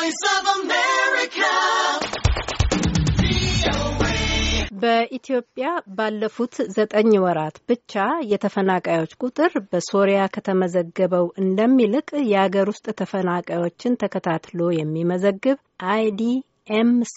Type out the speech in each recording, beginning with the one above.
Voice of America. በኢትዮጵያ ባለፉት ዘጠኝ ወራት ብቻ የተፈናቃዮች ቁጥር በሶሪያ ከተመዘገበው እንደሚልቅ የአገር ውስጥ ተፈናቃዮችን ተከታትሎ የሚመዘግብ አይዲኤምሲ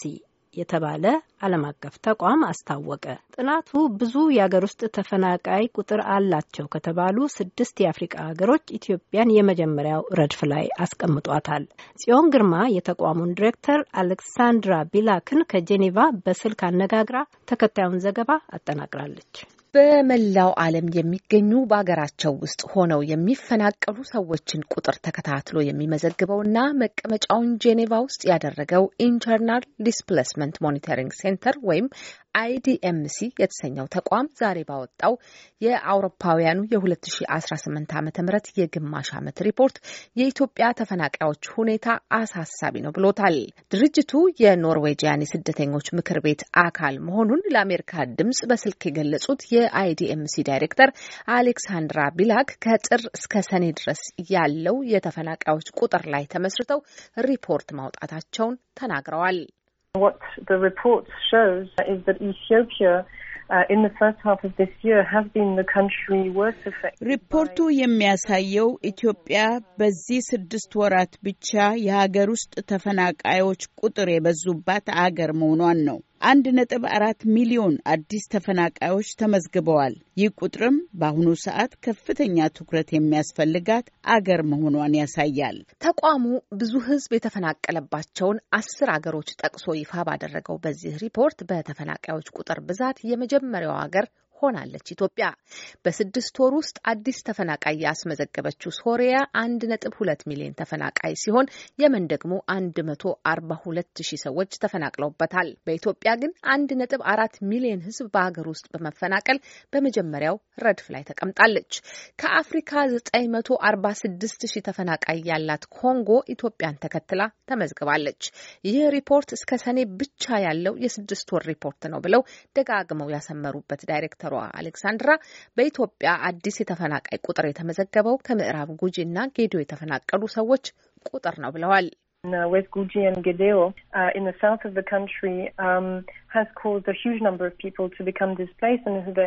የተባለ ዓለም አቀፍ ተቋም አስታወቀ። ጥናቱ ብዙ የአገር ውስጥ ተፈናቃይ ቁጥር አላቸው ከተባሉ ስድስት የአፍሪቃ ሀገሮች ኢትዮጵያን የመጀመሪያው ረድፍ ላይ አስቀምጧታል። ጽዮን ግርማ የተቋሙን ዲሬክተር አሌክሳንድራ ቢላክን ከጄኔቫ በስልክ አነጋግራ ተከታዩን ዘገባ አጠናቅራለች። በመላው ዓለም የሚገኙ በሀገራቸው ውስጥ ሆነው የሚፈናቀሉ ሰዎችን ቁጥር ተከታትሎ የሚመዘግበውና መቀመጫውን ጄኔቫ ውስጥ ያደረገው ኢንተርናል ዲስፕሌስመንት ሞኒተሪንግ ሴንተር ወይም አይዲኤምሲ የተሰኘው ተቋም ዛሬ ባወጣው የአውሮፓውያኑ የ2018 ዓ ም የግማሽ ዓመት ሪፖርት የኢትዮጵያ ተፈናቃዮች ሁኔታ አሳሳቢ ነው ብሎታል። ድርጅቱ የኖርዌጂያን የስደተኞች ምክር ቤት አካል መሆኑን ለአሜሪካ ድምጽ በስልክ የገለጹት የአይዲኤምሲ ዳይሬክተር አሌክሳንድራ ቢላክ ከጥር እስከ ሰኔ ድረስ ያለው የተፈናቃዮች ቁጥር ላይ ተመስርተው ሪፖርት ማውጣታቸውን ተናግረዋል። What the report shows is that Ethiopia ሪፖርቱ የሚያሳየው ኢትዮጵያ በዚህ ስድስት ወራት ብቻ የሀገር ውስጥ ተፈናቃዮች ቁጥር የበዙባት አገር መሆኗን ነው። አንድ ነጥብ አራት ሚሊዮን አዲስ ተፈናቃዮች ተመዝግበዋል። ይህ ቁጥርም በአሁኑ ሰዓት ከፍተኛ ትኩረት የሚያስፈልጋት አገር መሆኗን ያሳያል። ተቋሙ ብዙ ሕዝብ የተፈናቀለባቸውን አስር አገሮች ጠቅሶ ይፋ ባደረገው በዚህ ሪፖርት በተፈናቃዮች ቁጥር ብዛት የመጀመሪያው አገር ሆናለች ኢትዮጵያ። በስድስት ወር ውስጥ አዲስ ተፈናቃይ ያስመዘገበችው ሶሪያ አንድ ነጥብ ሁለት ሚሊዮን ተፈናቃይ ሲሆን የመን ደግሞ አንድ መቶ አርባ ሁለት ሺህ ሰዎች ተፈናቅለውበታል። በኢትዮጵያ ግን አንድ ነጥብ አራት ሚሊዮን ሕዝብ በሀገር ውስጥ በመፈናቀል በመጀመሪያው ረድፍ ላይ ተቀምጣለች። ከአፍሪካ ዘጠኝ መቶ አርባ ስድስት ሺህ ተፈናቃይ ያላት ኮንጎ ኢትዮጵያን ተከትላ ተመዝግባለች። ይህ ሪፖርት እስከ ሰኔ ብቻ ያለው የስድስት ወር ሪፖርት ነው ብለው ደጋግመው ያሰመሩበት ዳይሬክተር ዶክተሯ አሌክሳንድራ በኢትዮጵያ አዲስ የተፈናቃይ ቁጥር የተመዘገበው ከምዕራብ ጉጂ እና ጌዲዮ የተፈናቀሉ ሰዎች ቁጥር ነው ብለዋል። ዌስት uh, uh, um, uh, ጉጂ እና ጌዲዮ ኢን ሳውት ኦፍ ካንትሪ ሃዝ ኮዝድ ሂውጅ ኦፍ ፒፕል ቱ ቢካም ዲስፕሌይስድ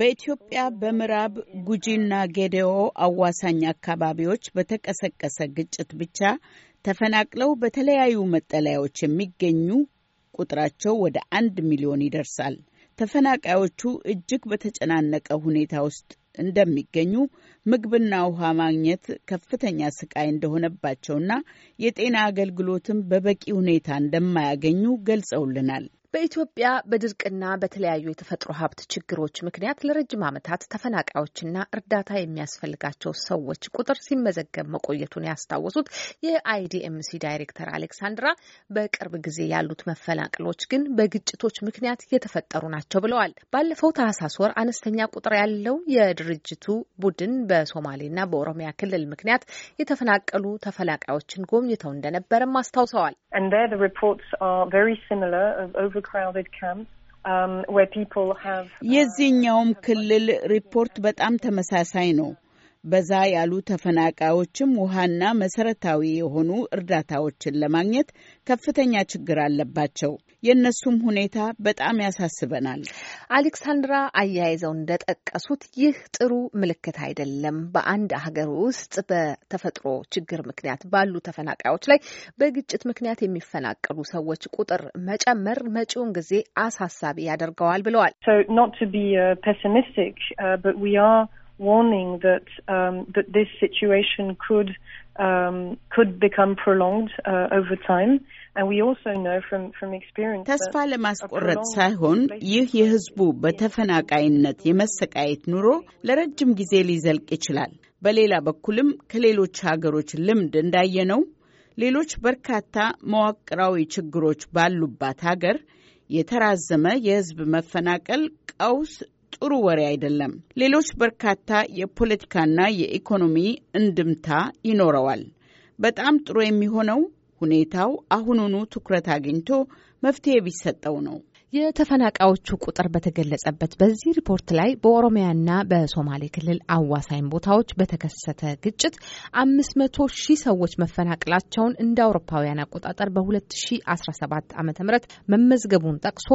በኢትዮጵያ በምዕራብ ጉጂና ጌዴኦ አዋሳኝ አካባቢዎች በተቀሰቀሰ ግጭት ብቻ ተፈናቅለው በተለያዩ መጠለያዎች የሚገኙ ቁጥራቸው ወደ አንድ ሚሊዮን ይደርሳል። ተፈናቃዮቹ እጅግ በተጨናነቀ ሁኔታ ውስጥ እንደሚገኙ ምግብና ውሃ ማግኘት ከፍተኛ ስቃይ እንደሆነባቸውና የጤና አገልግሎትም በበቂ ሁኔታ እንደማያገኙ ገልጸውልናል። በኢትዮጵያ በድርቅና በተለያዩ የተፈጥሮ ሀብት ችግሮች ምክንያት ለረጅም ዓመታት ተፈናቃዮችና እርዳታ የሚያስፈልጋቸው ሰዎች ቁጥር ሲመዘገብ መቆየቱን ያስታወሱት የአይዲኤምሲ ዳይሬክተር አሌክሳንድራ በቅርብ ጊዜ ያሉት መፈናቅሎች ግን በግጭቶች ምክንያት የተፈጠሩ ናቸው ብለዋል። ባለፈው ታህሳስ ወር አነስተኛ ቁጥር ያለው የድርጅቱ ቡድን በሶማሌና በኦሮሚያ ክልል ምክንያት የተፈናቀሉ ተፈናቃዮችን ጎብኝተው እንደነበረም አስታውሰዋል። Um, uh, የዚህኛውም ክልል ሪፖርት በጣም ተመሳሳይ ነው። በዛ ያሉ ተፈናቃዮችም ውሃና መሰረታዊ የሆኑ እርዳታዎችን ለማግኘት ከፍተኛ ችግር አለባቸው። የእነሱም ሁኔታ በጣም ያሳስበናል። አሌክሳንድራ አያይዘው እንደጠቀሱት ይህ ጥሩ ምልክት አይደለም። በአንድ ሀገር ውስጥ በተፈጥሮ ችግር ምክንያት ባሉ ተፈናቃዮች ላይ በግጭት ምክንያት የሚፈናቀሉ ሰዎች ቁጥር መጨመር መጪውን ጊዜ አሳሳቢ ያደርገዋል ብለዋል። ፔሲሚስቲክ Um, uh, ተስፋ ለማስቆረጥ ሳይሆን ይህ የህዝቡ በተፈናቃይነት የመሰቃየት ኑሮ ለረጅም ጊዜ ሊዘልቅ ይችላል። በሌላ በኩልም ከሌሎች ሀገሮች ልምድ እንዳየነው ሌሎች በርካታ መዋቅራዊ ችግሮች ባሉባት ሀገር የተራዘመ የህዝብ መፈናቀል ቀውስ ጥሩ ወሬ አይደለም። ሌሎች በርካታ የፖለቲካና የኢኮኖሚ እንድምታ ይኖረዋል። በጣም ጥሩ የሚሆነው ሁኔታው አሁኑኑ ትኩረት አግኝቶ መፍትሄ ቢሰጠው ነው። የተፈናቃዮቹ ቁጥር በተገለጸበት በዚህ ሪፖርት ላይ በኦሮሚያና በሶማሌ ክልል አዋሳኝ ቦታዎች በተከሰተ ግጭት አምስት መቶ ሺህ ሰዎች መፈናቀላቸውን እንደ አውሮፓውያን አቆጣጠር በ2017 ዓ ም መመዝገቡን ጠቅሶ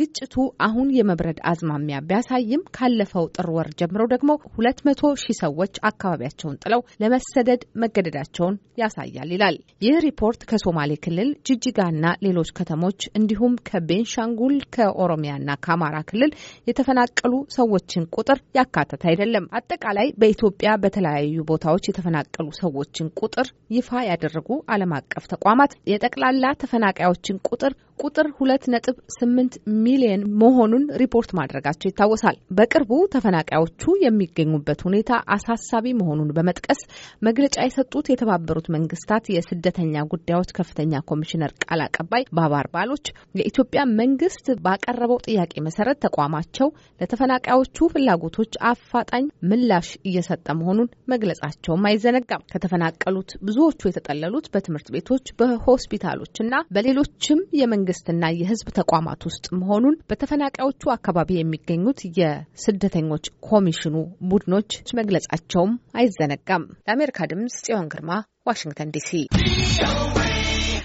ግጭቱ አሁን የመብረድ አዝማሚያ ቢያሳይም ካለፈው ጥር ወር ጀምሮ ደግሞ ሁለት መቶ ሺህ ሰዎች አካባቢያቸውን ጥለው ለመሰደድ መገደዳቸውን ያሳያል ይላል። ይህ ሪፖርት ከሶማሌ ክልል ጅጅጋና ሌሎች ከተሞች እንዲሁም ከቤንሻንጉል በኩል ከኦሮሚያና ከአማራ ክልል የተፈናቀሉ ሰዎችን ቁጥር ያካተተ አይደለም። አጠቃላይ በኢትዮጵያ በተለያዩ ቦታዎች የተፈናቀሉ ሰዎችን ቁጥር ይፋ ያደረጉ ዓለም አቀፍ ተቋማት የጠቅላላ ተፈናቃዮችን ቁጥር ቁጥር ሁለት ነጥብ ስምንት ሚሊየን መሆኑን ሪፖርት ማድረጋቸው ይታወሳል። በቅርቡ ተፈናቃዮቹ የሚገኙበት ሁኔታ አሳሳቢ መሆኑን በመጥቀስ መግለጫ የሰጡት የተባበሩት መንግስታት የስደተኛ ጉዳዮች ከፍተኛ ኮሚሽነር ቃል አቀባይ ባባር ባሎች የኢትዮጵያ መንግስት መንግስት ባቀረበው ጥያቄ መሰረት ተቋማቸው ለተፈናቃዮቹ ፍላጎቶች አፋጣኝ ምላሽ እየሰጠ መሆኑን መግለጻቸውም አይዘነጋም። ከተፈናቀሉት ብዙዎቹ የተጠለሉት በትምህርት ቤቶች፣ በሆስፒታሎችና በሌሎችም የመንግስትና የህዝብ ተቋማት ውስጥ መሆኑን በተፈናቃዮቹ አካባቢ የሚገኙት የስደተኞች ኮሚሽኑ ቡድኖች መግለጻቸውም አይዘነጋም። ለአሜሪካ ድምጽ ጽዮን ግርማ ዋሽንግተን ዲሲ